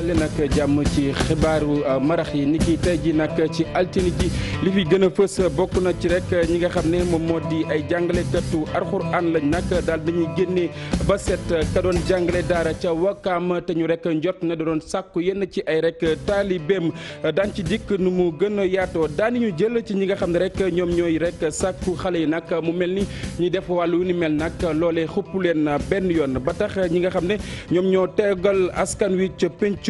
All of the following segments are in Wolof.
dal leen ak jàmm ci xibaaru euh, marax yi niki tey ji nag ci altine ji li fi gën a fës euh, bokk na ci rek euh, ñi nga xam ne moom moo di ay jàngalekatu alxuraan lañ nag daal dañuy génne ba set ka doon jàngale daara ca Wakaam te ñu rek njot na da doon sàkku yenn ci ay rek taalibeem daan ci dikk nu mu gën a yaatoo daan ñu jël ci ñi nga xam ne rek ñoom ñooy rek sàkku xale yi nag mu mel ni ñu def wàllu ni mel nag loolee xupp leen benn yoon ba tax ñi nga xam ne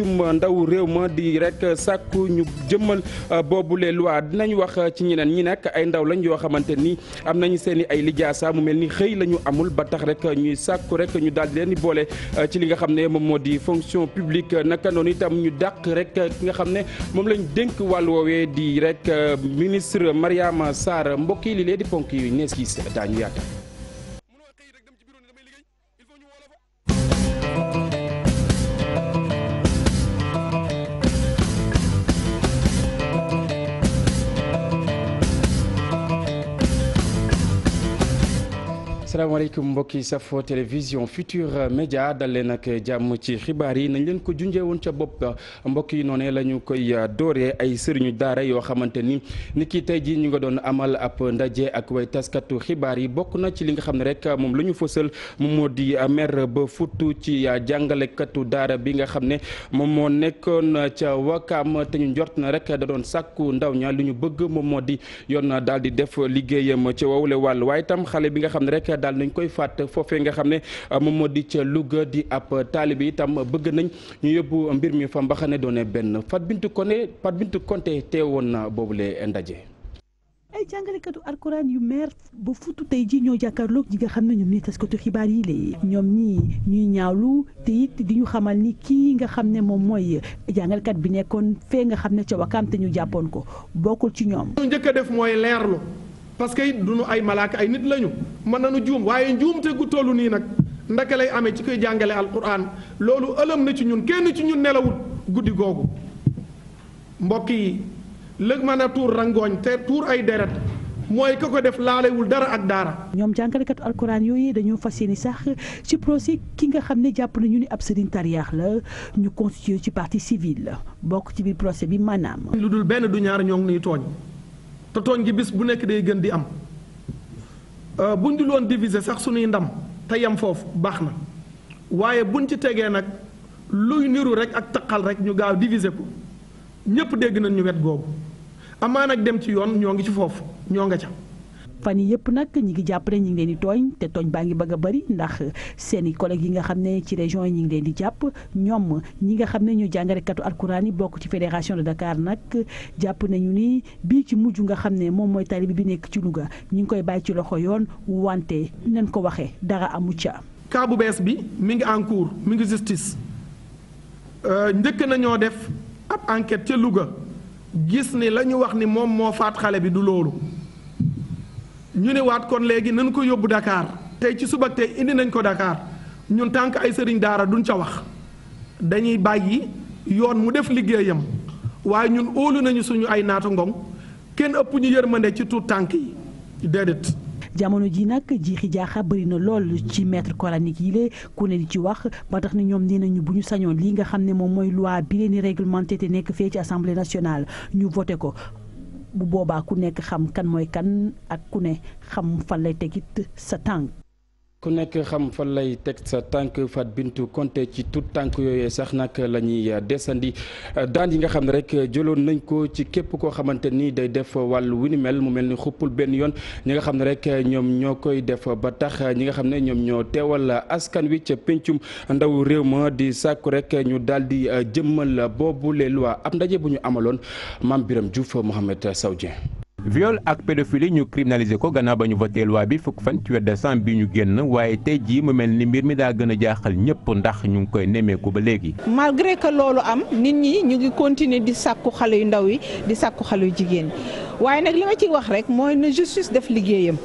pencum ndaw réew ma di rek sàkku ñu jëmmal euh, boobule loi dinañu wax euh, ci ñeneen ñi nag ay ndaw lañ yoo xamante ni am nañu seen i ay lijaasa mu mel ni xëy la ñu amul ba tax rek ñuy sàkku rek ñu daal di leen di boole euh, ci li nga xam ne moom moo di fonction publique naka noonu itam ñu dàq rek ki nga xam ne moom lañ dénk wàll woowee di rek ministre Mariama Sarr mbokk yi li lee di ponk yi nees yi daañu yaata salaamaaleykum mbokki safo télévision Futur Média dal leen jàmm ci xibaar yi nañ leen ko junjee woon ca bopp mbokk yi noonee la ñu koy dooree ay sëriñu daara yoo xamante ni ni ki tey jii ñu nga doon amal ab ndaje ak way taskatu xibaar yi bokk na ci li nga xam ne rek moom la ñu fësal moom moo di mer ba futtu ci jàngalekatu daara bi nga xam ne moom moo nekkoon ca Wakaam te ñu njort na rek da doon sàkku ndaw ña lu ñu bëgg moom moo di yoon daal di def liggéeyam ca wowule wàll daal nañ koy faat foofee nga xam ne euh, moom moo di ca Louga di ab taalibe itam bëgg nañ ñu yóbbu mbir mi fa mbaxane doone benn Fat Bintou Koné Fat Bintou Konté teewoon na boobule ndaje. ay jàngalekatu yu meer ba tey ji ñoo jàkkaarloog ñi nga xam ne ñoom ñooy taskatu xibaar yi lée ñoom ñi ñuy ñaawlu te it di ñu xamal ni kii nga xam ne moom mooy jàngalekat bi nekkoon fee nga xam ne ca wakaam te ñu jàppoon ko bokkul ci ñoom. ñu njëkk def mooy leerlu. parce que du nu ay malaaka ay nit lañu mën nañu juum waaye njuumte gu tollu nii nag ndaka lay amee ci koy jàngale alquran loolu ëlëm na ci ñun kenn ci ñun nelawut guddi googu mbokk yi lëg mën na tuur rangooñ te tuur ay deret mooy ko ko def laalewul dara ak daara. ñoom jàngalekatu alkoraan yooyu dañoo fas yéene sax ci procès ki nga xam ne jàpp na ñu ni ab sëriñ tariyaax la ñu constitué ci parti partie la bokk ci biir procès bi maanaam. lu dul benn du ñaar ñoo ngi nuy te tooñ gi bis bu nekk day gën di am euh, buñ di loon diviser sax suñuy ndam te yem foofu baax na waaye buñ ci tegee nag luy niru rek ak taqal rek ñu gaaw diviser ko ñépp dégg nañ ñu wet googu amaa nag dem ci yoon ñoo ngi ci foofu ñoo nga ca fan yi yëpp nag ñi ngi jàpp ne ñi leen di tooñ te tooñ baa ngi bëgg a bëri ndax seen i yi nga xam ne ci région yi ñu ngi leen di jàpp ñoom ñi nga xam ne ñu jàngalekatu alkuraan yi bokk ci fédération de Dakar nag jàpp nañu nii bii ci mujj nga xam ne moom mooy tali bi nekk ci Louga ñu ngi koy bàyyi ci loxo yoon wante nañ ko waxee dara amu ca cas bu bees bi mi ngi en cours mi ngi justice euh, njëkk nañoo def ab enquête ca Louga gis ni la ñu wax ni moom moo faat xale bi du loolu ñu ne waat kon léegi nañ ko yóbbu dakaar tey ci suba te indi nañ ko Dakar ñun tànk ay sëriñ daara duñ ca wax dañuy bàyyi yoon mu def liggéeyam waaye ñun óolu nañu suñu ay naatu ngong kenn ëpp ñu yërmande ci tuut tànk yi déedéet. jamono ji nag jiixi jaaxa bëri na lool ci maître coranique yi la ku ne di ci wax ba tax na ñoom nee nañu bu ñu sañoon lii nga xam ne moom mooy loi bi leen di réglementé te nekk fee ci assemblée nationale ñu voté ko. bu boobaa ku nekk xam kan mooy kan ak ku ne xam fan lay tegit sa tànk ku nekk xam fan lay teg sa tànk Fat Bintou Konté ci tout tànk yooyee sax nag la ñuy desandi daan yi nga xam ne rek jëloon nañ ko ci képp koo xamante ni day def wàllu wu ni mel mu mel ni xuppul benn yoon ñi nga xam ne rek ñoom ñoo koy def ba tax ñi nga xam ne ñoom ñoo teewal askan wi ca pencum ndaw réew ma di sàkku rek ñu daal di jëmmal boobu les lois ab ndaje bu ñu amaloon maam Biram Diouf Mohamed Saw Dieng viol ak pédophilie ñu criminalisé ko gannaaw ba ñu voté loi bi fukk fan ci weeru décembre bi ñu génn waaye tey jii mu mel ni mbir mi daa gën a jaaxal ñëpp ndax ñu ngi koy nemmeeku ba léegi. malgré que loolu am nit ñi ñu ngi continuer di sàkku xale yu ndaw yi di sàkku xale yu jigéen waaye nag li ma ciy wax rek mooy na justice def liggéeyam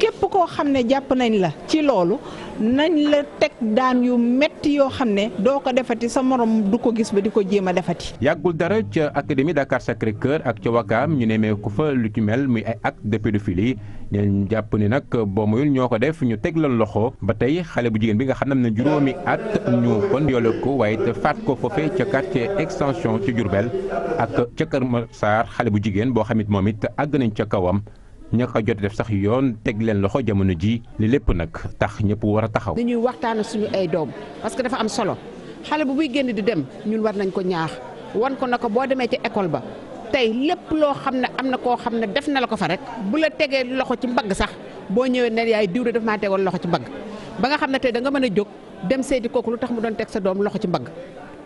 képp koo xam ne jàpp nañ la ci loolu nañ la teg daan yu métti yoo xam ne doo ko defati sa morom du ko gis ba di ko jéem a defati. yàggul dara ca académie Dakar Sacré Cœur ak ca Wakaam ñu ku fa lu ci mel muy ak acte de pédophilie ñu jàpp ni nag boo muyul ñoo ko def ñu teg la loxo ba tey xale bu jigéen bi nga xam ne am na juróomi at ñu kon yoole ko waaye te faat ko foofee ca quartier extension ci Diourbel ak ca Kër Massar xale bu jigéen boo xam it moom it àgg nañ ca kawam. ña ko jot def sax yoon teg leen loxo jamono ji li lépp nag tax ñëpp war a taxaw. ñuy waxtaan suñu ay doom parce que dafa am solo xale bu buy génn di dem ñun war nañ ko ñaax wan ko na ko boo demee ci école ba tey lépp loo xam ne am na koo xam ne def na la ko fa rek bu la tegee loxo ci mbagg sax boo ñëwee ne yaay diw de daf maa tegoon loxo ci mbagg ba nga xam ne tey da nga mën a jóg dem seeti kooku lu tax mu doon teg sa doom loxo ci mbagg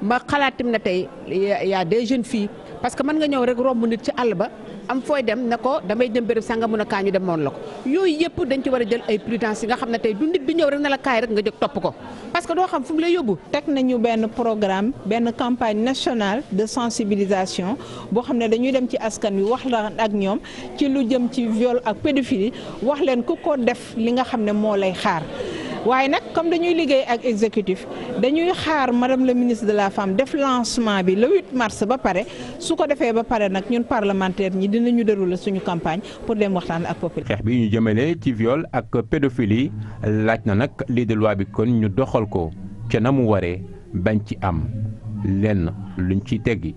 ma xalaatim na tey y a des jeunes filles. parce que mën nga ñëw rek romb nit ci àll ba am fooy dem ne ko damay jëm béréb sanga mun a kaa ñu dem moon la ko yooyu yëpp dañ ci war a jël ay prudence yi nga xam ne tey du nit bi ñëw rek na la kaay rek nga jóg topp ko parce que doo xam fu mu lay yóbbu teg nañu benn programme benn campagne nationale de sensibilisation boo xam ne dañuy dem ci askan wi wax laan ak ñoom ci lu jëm ci viol ak pédophilie wax leen ku ko def li nga xam ne moo lay xaar waaye nag comme dañuy liggéey ak exécutif dañuy xaar madame la ministre de la femme def lancement bi le 8 mars ba pare su ko defee ba pare nag ñun parlementaire ñi dinañu dérouler suñu campagne pour dem waxtaan ak population. xeex bi ñu jëmale ci viol ak pédophilie laaj na nag lii de bi kon ñu doxal ko ca na mu waree bañ ci am lenn luñ ciy teggi.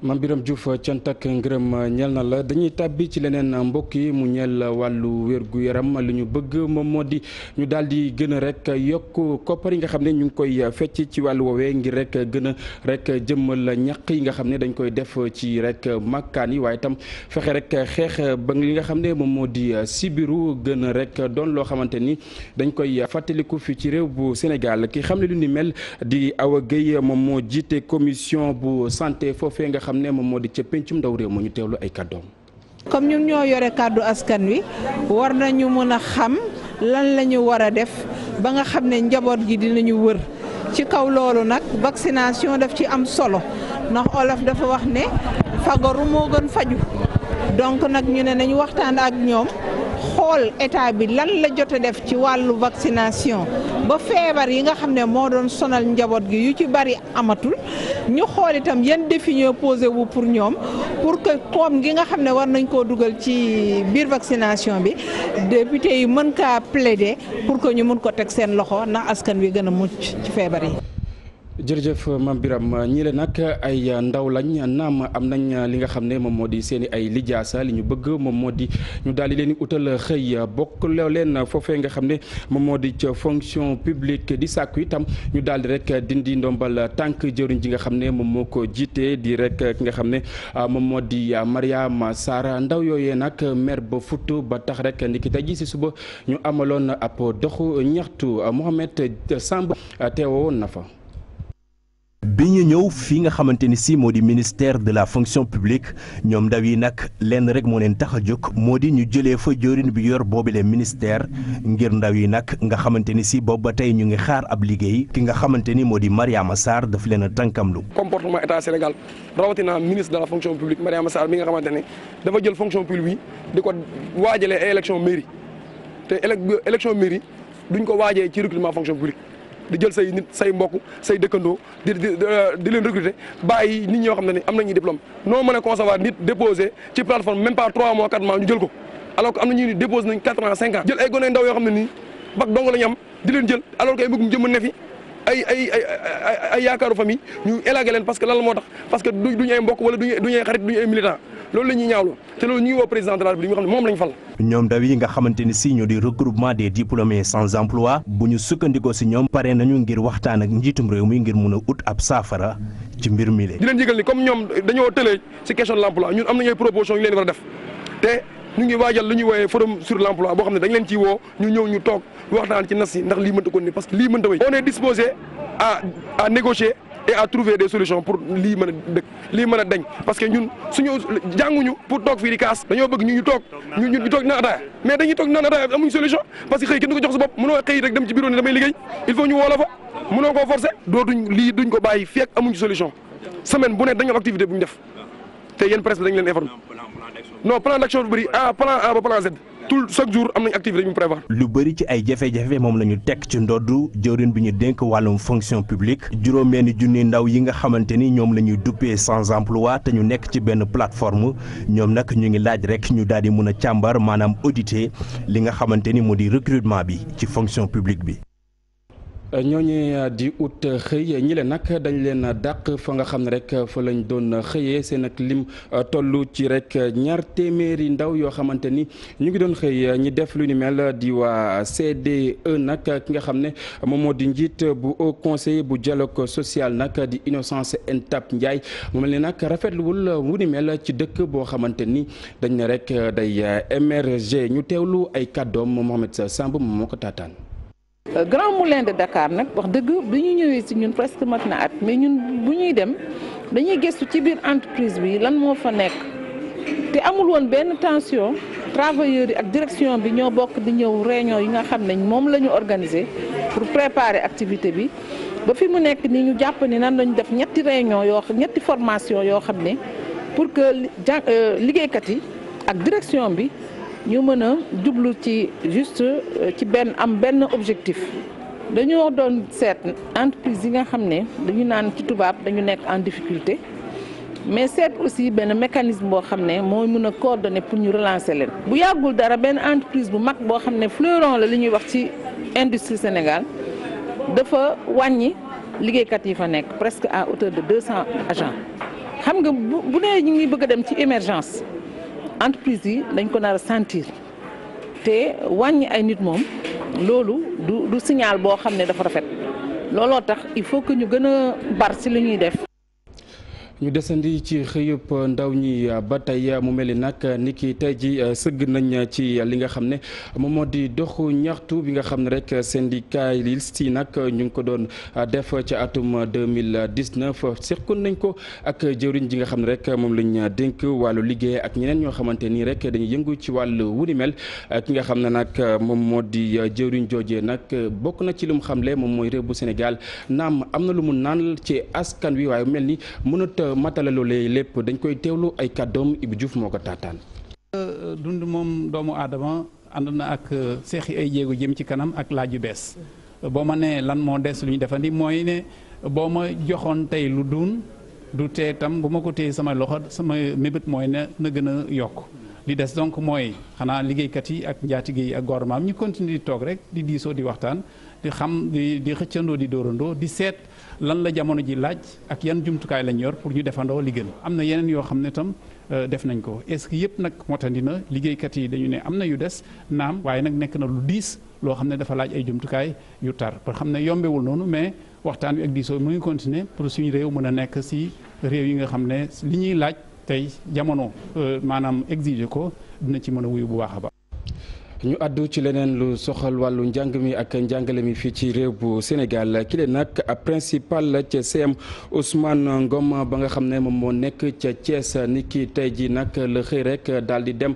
Mame biram Diouf cant ak ngërëm ñeel na la dañuy tàbbi ci leneen mbokk yi mu ñeel wàllu wér-gu-yaram li ñu bëgg moom moo di ñu daal di gën a rek yokk koppar yi nga xam ne ñu ngi koy fecc ci wàllu woowee ngir rek gën rek jëmmal ñàq yi nga xam ne dañ koy def ci rek màkkaan yi waaye itam fexe rek xeex ba li nga xam ne moom moo di sibiru gën a rek doon loo xamante ni dañ koy fàttaliku fi ci réew bu Sénégal ki xam ne lu ni mel di Awa Gueye moom moo jiite commission bu santé foofee nga xam ne moom moo di ca ndaw réew ma ñu teewlu ay kàddoom. comme ñun ñoo yore kàddu askan wi war nañu mën a xam lan la ñu war a def ba nga xam ne njaboot gi dinañu wër ci kaw loolu nag vaccination daf ci am solo ndax olof dafa wax ne fagaru moo gën faju donc nag ñu ne nañu waxtaan ak ñoom. xool état bi lan la jot def ci wàllu vaccination ba feebar yi nga xam ne moo doon sonal njaboot gi yu ci bari amatul ñu xool itam yan défi ñoo posé wu pour ñoom pour que koom gi nga xam ne war nañ koo dugal ci biir vaccination bi député yi mën kaa plaider pour que ñu mën ko teg seen loxo ndax askan wi gën a mucc ci feebar yi. jërëjëf Mame Birame ñii la nag ay ndaw lañ naam am nañ li nga xam ne moom moo di seen i ay lijaasa li ñu bëgg moom moo di ñu daal di leen utal xëy bokk leen foofee nga xam ne moom moo di ca fonction publique di sàkku itam ñu daal di rek dindi ndombal tànk jëriñ ji nga xam ne moom moo ko jiitee di rek ki nga xam ne ah, moom moo di ah, Mariama Sarr ndaw yooyee nag maire ba futt ba tax rek ndiki tey ji si suba ñu amaloon ab doxu ñaxtu Mohamed Samb ah, teewoon na fa bi ñu ñëw fii nga xamante ni si moo di ministère de la fonction publique ñoom ndaw yi nag lenn rek moo leen tax a jóg moo di ñu jëlee fa jëwriñ bi yor boobu leen ministère ngir ndaw yi nag nga xamante ni si boobu ba tey ñu ngi xaar ab liggéey ki nga xamante ni moo di Mariama saar dafa leen a tànkamlu comportement état Sénégal rawatina ministre de la fonction publique Mariama Sarr mi nga xamante ne dafa jël fonction publique di ko waajalee ay élection mairie te élection mairie duñ ko waajee ci recrutement fonction publique da jël say nit say mbok say dëkkandoo di di di euh, leen recruter bàyyi nit ñoo xam ne am nañuy diplôme noo mën a concevoir nit déposé ci plateforme même pas 3 mois 4 mois ñu jël ko alors que am na ñuy ni déposé nañ 4 ans 5 ans. jël ay gone ndaw yoo xam ne nii bag dong la ñu am di leen jël alors que ay bëgg mu jëm ne fi ay ay ay ay yaakaaru famille ñu élagué leen parce que lan moo tax parce que duñ ay mbokk wala duñ ay xarit duñ ay militant. loolu la ñuy ñaawlu te loolu ñuy woo président de la République nga xam ne moom la ñu fal. ñoom ndaw yi nga xamante ni si ñoo di regroupement des diplômés sans emploi bu ñu sukkandikoo si ñoom pare nañu ngir waxtaan ak njiitum réew mi ngir mun a ut ab saafara ci mbir mi di leen yëgal ni comme ñoom dañoo tëlee si question de l'emploi ñun am nañu ay propositions leen war a def te ñu ngi waajal lu ñuy woowee forum sur l'emploi boo xam ne dañ leen ciy woo ñu ñëw ñu toog waxtaan ci nas yi ndax lii ni parce que lii mënta wéy e à trouver des solutions pour lii mën a dëkk lii mën a parce que ñun suñu jànguñu pour toog fii di kaas dañoo bëgg ñu ñu toog ñu ñu toog naan ataaya mais dañuy toog naan ataaya amuñ solution parce que xëy kenn du ko jox sa bopp mënoo xëy rek dem ci bureau damay liggéey il faut ñu woo la fa mënoo koo forcer lii duñ ko bàyyi fekk amuñ solution semaine bu ne dañu am activité bu ñu def te yéen presse dañ leen informer non plan d'action bu ah, A ba tout chaque jour am nañ activité ñu prévoir. lu bëri ci ay jafe-jafe moom la ñu teg ci ndoddu jëwrin bi ñu dénk wàllum fonction publique juróom-benn junni ndaw yi nga xamante ni ñoom la ñuy duppee sans emploi te ñu nekk ci benn plateforme ñoom nag ñu ngi laaj rek ñu daal di mën a càmbar maanaam auditer li nga xamante ni moo di recrutement bi ci fonction publique bi. ñooñu di ut xëy ñi leen nag dañ leen dàq fa nga xam ne rek fa lañ doon xëyee seen ak lim tollu ci rek ñaar téeméeri ndaw yoo xamante ni ñu ngi doon xëy ñi def lu ni mel di waa CDE nag ki nga xam ne moom moo di njiit bu haut conseiller bu dialogue sociale nag di Innocence Ntap Ndiaye moom la nag rafetluwul wu ni mel ci dëkk boo xamante ni dañ ne rek day émerger ñu teewlu ay kàddoom Mohamed Samb moo ko taataan. Euh, Grand Moulin de Dakar nag wax dëgg bi ñu ñëwee si ñun presque mat na at mais ñun bu ñuy dem dañuy gëstu ci biir entreprise bi lan moo fa nekk te amul woon benn tension travailleurs yi ak direction bi ñoo bokk di ñëw réunion yi nga xam ne moom la ñu organiser pour préparer activité bi ba fi mu nekk ni ñu jàpp ni nan lañu def ñetti réunion yoo ñetti formation yoo xam ne pour que euh, liggéeykat yi ak direction bi ñu mën a jublu ci juste euh, ci benn am benn objectif dañoo doon seet entreprise yi nga xam ne dañu naan ci tubaab dañu nekk en difficulté mais seet aussi benn mécanisme boo xam ne mooy mën a coordonner pour ñu relancer leen. bu yàggul dara benn entreprise bu mag boo xam ne fleuron la li ñuy wax ci industrie Sénégal dafa wàññi liggéeykat yi fa nekk presque à hauteur de deux cents agents xam nga bu bu ñu ngi bëgg a dem ci émergence. entreprise yi dañ ko nar a sentir te wàññi ay nit moom loolu du du signal boo xam ne dafa rafet looloo tax il faut que ñu gën a bar ci li ñuy def ñu desandi ci xëyub ndaw ñi ba tey mu mel ni nag ni ki tey ji euh, sëgg nañ ci li nga xam ne moom moo di doxu ñaxtu bi nga xam ne rek syndicaliste yi nag ñu ngi ko doon euh, def ci atum 2019 seqoon nañ ko ak jëwriñ ji nga xam ne rek moom lañ dénk wàllu liggéeye ak ñeneen ñoo xamante nii rek dañuy yëngu ci wàllu wuni mel ki nga xam ne nag moom moo di jëwriñ jooje nag bokk na ci lu mu xamle moom mooy réew bu Sénégal naam am na lu mu naan ci askan wi waaye mel ni mënut matala loolee lépp dañ koy teewlu ay kàddoom Ibou Diouf moo ko taataan. dund moom doomu aadama ànd na ak euh, seexi ay jéego jëm ci kanam ak laaj yu bees boo ma nee lan moo des lu ñu defandi mooy ne boo ma joxoon tey lu duun du tee tam bu ma ko téye sama loxo sama mébét mooy ne na gën a yokk. li des donc mooy xanaa liggéeykat yi ak njaatige yi ak gormaam ñu continuer di toog rek di diisoo di waxtaan di xam di xëccandoo di dóorandoo di seet. lan la jamono ji laaj ak yan jumtukaay lañ yor pour ñu defandoo li am na yeneen yoo xam ne tam euh, def nañ ko est-ce que yëpp nag motandi na liggéeykat yi dañu ne am na yu des naam waaye nag nekk na lu diis loo xam ne dafa laaj ay jumtukaay yu tar pour xam ne yombewul noonu mais waxtaan wi ak diisoo mu ngi continuer pour suñu réew mën a nekk si réew yi nga xam ne li ñuy laaj tey jamono euh, maanaam exiger ko dina ci mën a wuyu bu baax a baax ñu àddu ci leneen lu soxal wàllu njàng mi ak njàngale mi fii ci réew bu Sénégal ki leen nag principal ca CM Ousmane Ngom ba nga xam ne moom moo nekk ca Thiès ni ki tey ji nag la xëy rek daal di dem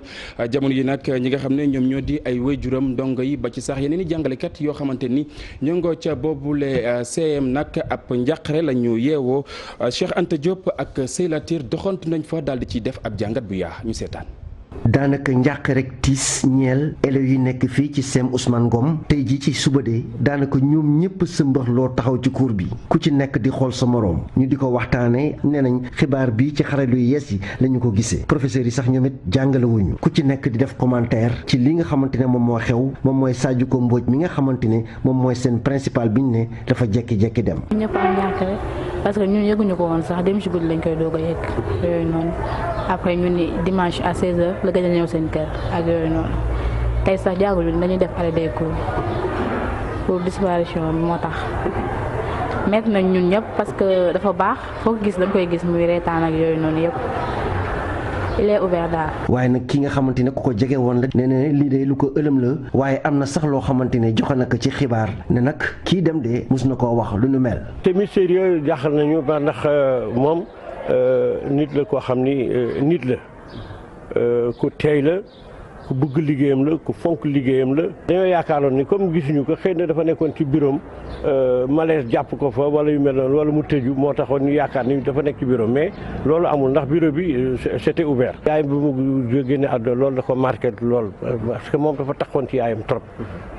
jamono yi nag ñi nga xam ne ñoom ñoo di ay wéyjuram ndongo yi ba ci sax yeneen i jàngalekat yoo xamante ni ñongo ca boobule CM nag ab njàqare la ñu yeewoo Cheikh ante Diop ak Seylatir doxantu nañ fa daal di ci def ab jàngat bu yaa ñu seetaan. daanaka njàq rek tiis ñeel élèves yi nekk fii ci sem Ousmane Ngom tey jii ci suba de daanaka ñoom ñëpp sëmbaxloo taxaw ci kuur bi ku ci nekk di xool sa moroom ñu di ko waxtaanee nee nañ xibaar bi ci xarala yu yees yi la ñu ko gisee professeurs yi sax ñoom it jàngalewuñu ku ci nekk di def commentaire ci li nga xamante ne moom moo xew moom mooy Sadio ko mbóoj mi nga xamante ne moom mooy seen principal bi ñu ne dafa jekki-jekki dem. parce que ñun yëguñu ko woon sax dem si guddi lañ koy doog a yegg yooyu noonu après ñu ni dimanche à 16h la gën a ñëw seen kër ak yooyu noonu tey sax jànguñu dañuy def arrêt des cours pour disparition bi moo tax. met nañ ñun ñëpp parce que dafa baax foog gis dañ koy gis muy reetaan ak yooyu noonu yëpp. waaye nag ki nga xamante ne ku ko jege woon la nee na lii de lu ko ëlëm la waaye am na sax loo xamante ne joxe na ko ci xibaar ne nag kii dem de mos na koo wax lu nu mel. te mystère yooyu jaaxal nañu ba ndax euh, moom euh, nit la koo xam ni euh, nit la ku teey la. ku bëgg liggéeyam la ku fonk liggéeyam la dañoo yaakaaroon ni comme gisuñu ko xëy na dafa nekkoon ci bureau euh, malaise jàpp ko fa wala yu mel noonu wala mu tëju moo taxoon ñu yaakaar ni dafa nekk ci bureau mais loolu amul ndax bureau bi euh, c'était ouvert yaayam bi mu génne àdduna loolu da ko marqué lool parce que moom dafa taxoon ci yaayam trop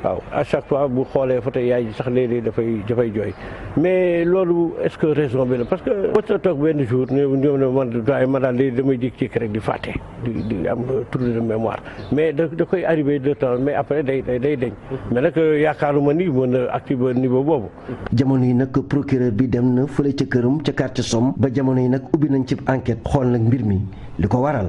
waaw à chaque fois bu xoolee fa yaay ji sax léeg dafay dafay jooy mais loolu est-ce que raison bi la parce que mos na toog benn jour ñoom ne man doy ma daal léegi damay rek di fàtte di di am euh, trou de mémoire mais da da koy arrivé de temps mais après day day deñ mais nag euh, yaakaaruma ma mën a activé niveau boobu. jamono yi nag procureur bi dem na fële ca këram ca quartier Somme ba jamono yi nag ubbi nañ ci enquête xool nag mbir mi li ko waral.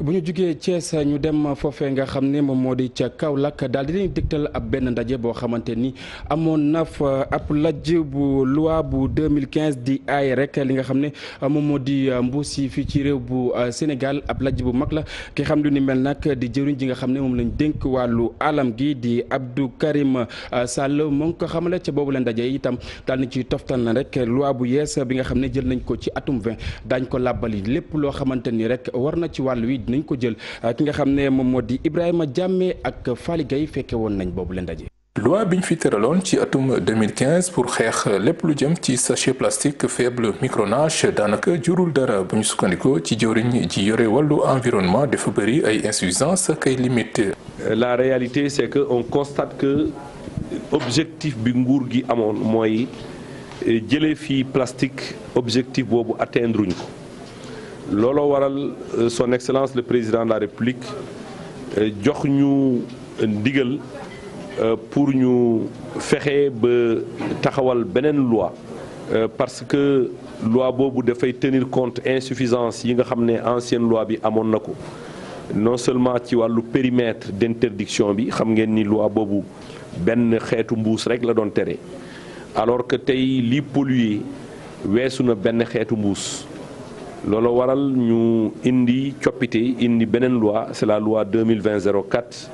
bu ñu jugee Thiès ñu dem foofe nga xam ne moom moo di ca kaw Kaolack daal di leen dégtal ab benn ndaje boo xamante ni amoon na fa ab lajj bu loi bu 2015 di aay rek li nga xam ne moom moo di mbuus yi fii ci réew bu euh, Sénégal ab lajj bu mag la ki xam lu ni mel nag di jëriñ ji nga xam ne moom lañ dénk wàllu alam gi di Abdou Karim euh, Sall moo ko xamale ca boobu la ndaje itam daal ni ci toftal na rek loi bu yees bi nga xam ne jël nañ ko ci atum 20 daañ ko làbbali lépp loo xamante ni rek war na ci wàll wi dinañ ko jël ah, ki nga xam ne moom moo di Ibrahima jàmmee ak Fally Gueye fekke woon nañ boobu la ndaje. loi bi ñu fi tëraloon ci atum 2015 pour xeex lépp lu jëm ci sachet plastique faible micronage daanaka jurul dara bu ñu sukkandikoo ci jëwriñ ji yore wàllu environnement dafa bëri ay insuffisance kay limite la réalité c'est que on constate que objectif bi nguur gi amoon mooy eh, jëlee fii plastique objectif boobu atteindre ñu ko looloo waral euh, son excellence le président de la république euh, jox ñu ndigal euh, pour ñu fexe ba taxawal beneen loi parce que loi boobu dafay tenir compte insuffisance yi nga xam ne ancienne loi bi amoon na ko non seulement ci wàllu périmètre d'interdiction bi xam ngeen ni loi boobu benn xeetu mbuus rek la doon tere alors que tey li polluer weesu na benn xeetu mbuus loolu waral ñu indi coppite indi beneen loi c'est la loi 2020-04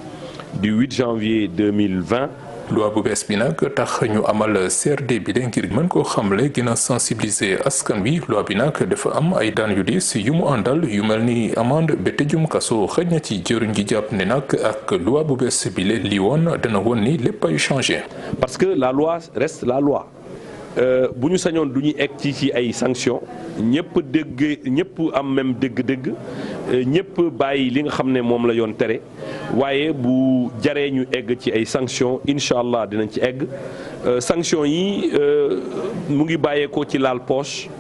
du 8 janvier 2020. loi bu bees bi nag tax ñu amal CRD bi de ngir mën koo xamle gën a sensibiliser askan wi loi bi nag dafa am ay daan yu diis yu mu àndal yu mel ni amande ba tëjum kaso xëj na ci jëruñ gi jàpp ne nag ak loi bu bees bi le lii woon dana woon ni lépp ay changé. parce que la loi reste la loi. Euh, bu ñu sañoon du ñu egg ci ci ay sanctions ñëpp dégg ñëpp am même dégg-dégg euh, ñëpp bàyyi li nga xam ne moom la yoon tere waaye bu jaree ñu egg ci ay sanctions incha allah dinañ ci egg euh, sanctions yi mu ngi bàyyeekoo ci laal poche.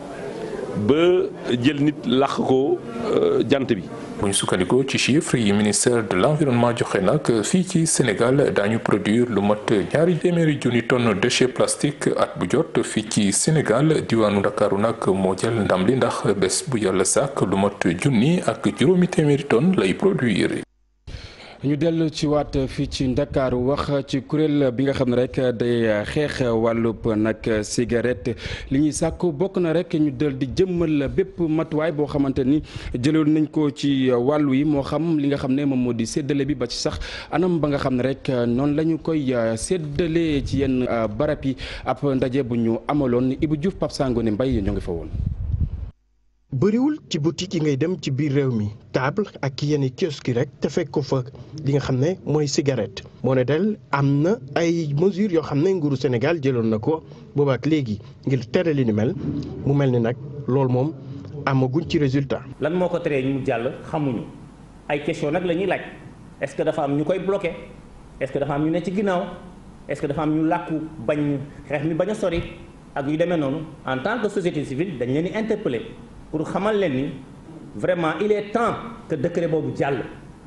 ba jël nit làq ko euh, jant bi. bu ñu sukkandikoo ci chiffre yi ministère de l'environnement joxe nag fii ci Sénégal daañu produire lu mot ñaari téeméeri junni tonnes déchets plastiques at bu jot fii ci Sénégal diwaanu Ndakaaru nag moo jël ndam li ndax bés bu yàlla sàkk lu mat junni ak juróomi téeméeri tonnes lay produire. ñu dellu ci waat fii ci Ndakaaru wax ci kuréel bi nga xam ne rek day xeex wàllub nag cigarette li ñuy sàkk bokk na rek ñu del di jëmmal bépp matuwaay boo xamante ni jëloon nañ ko ci wàllu yi moo xam li nga xam ne moom moo di séddale bi ba ci sax anam ba nga xam ne rek noonu la ñu koy séddalee ci yenn barab yi ab ndaje bu ñu amaloon Ibou Diouf Pape Sangone Mbaye ñoo ngi fa woon. bëriwul ci boutique yi ngay dem ci biir réew mi table ak yenn kiosque yi rek te fekk ko fa li nga xam ne mooy cigarette moo ne del am na ay mesures yoo xam ne nguuru Sénégal jëloon na ko boobaak léegi ngir tere li ni mel mu mel ni nag loolu moom amaguñ ci résultat. lan moo ko teree ñu jàll xamuñu ay question nag la ñuy laaj est-ce que dafa am ñu koy bloqué est-ce que dafa am ñu ne ci ginnaaw est-ce que dafa am ñu làkku bañ xeex mi bañ a sori ak yu demee noonu en tant que société civile dañ leen di interpellé. pour xamal leen ni vraiment il est temps que décret boobu jàll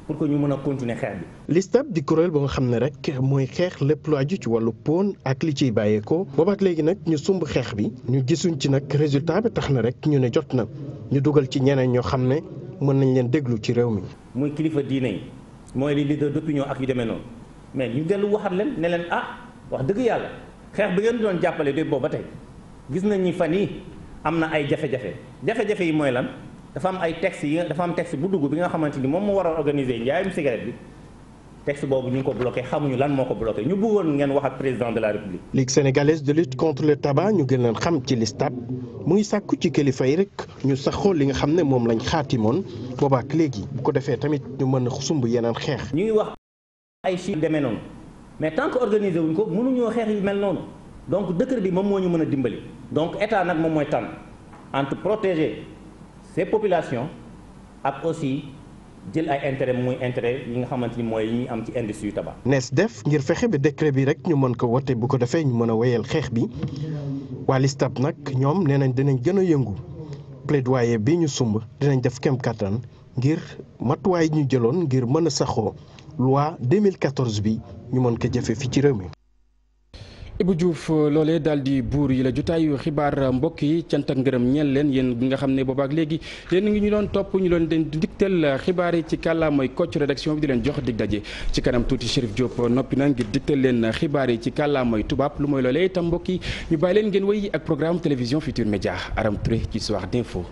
pour que ñu mën a continuer xeex bi. LISTAB di kuréel ba nga xam ne rek mooy xeex lépp lu aju ci wàllu poon ak li ciy bàyyeekoo. boobaak léegi nag ñu sumb xeex bi. ñu gisuñ ci nag résultat bi tax na rek ñu ne jot na ñu dugal ci ñeneen ñoo xam ne mën nañ leen déglu ci réew mi. muy kilifa diine yi mooy li leader d'opinion ak yu demee noonu mais ñu dellu waxat leen ne leen ah wax dëgg yàlla xeex bi ngeen doon jàppale ba booba tey gis nañ ni fan am na ay jafe-jafe jafe-jafe yi mooy lan dafa am ay texte yi dafa am texte bu dugg bi nga xamante ni moom moo war a organiser njaayum cigarette bi texte boobu ñu ko bloqué xamuñu lan moo ko bloqué ñu bëggoon ngeen wax ak président de la république. ligue sénégalaise de lutte contre le ñu gën leen xam ci listab mu ngi sàkku ci kilifa yi rek ñu saxoo li nga xam ne moom lañ xaatimoon boobaak léegi bu ko defee tamit ñu mën a sumb yeneen xeex. ñu wax ay chiffres demee noonu. donc décret bi moom moo ñu mën a dimbali donc état nag moom mooy tànn entre protéger ces populations ak aussi jël ay intérêt mooy intérêt yi nga xamante ni mooy yi ñuy am ci industrie tabac. nees def ngir fexe bi décret bi rek ñu mën ko wote bu ko defee ñu mën a wéyal xeex bi waa LISTAB nag ñoom nee nañ dinañ gën a yëngu plaidoyer bi ñu sumb dinañ def kem kattan ngir matuwaay ñu jëloon ngir mën a saxoo loi 2014 bi ñu mën ko jëfe fi ci réew mi. Ibou Diouf euh, loolee daal di buur yi la jotaayu xibaar mbokk yi cant ak ngërëm ñeel leen yéen bi nga xam ne boobaak léegi yéen ngi ñu doon topp ñu loon leen di digteel xibaar yi ci kàllaamay Kocc rédaction bi di leen jox dig daje ci kanam tuuti Chérif Diop noppi na ngir digteel leen xibaar yi ci kàllaamay tubaab lu mooy loolee itam mbokk yi ñu bàyyi leen ngeen wéy ak programme télévision Futur Média Aram Touré ci soir d'info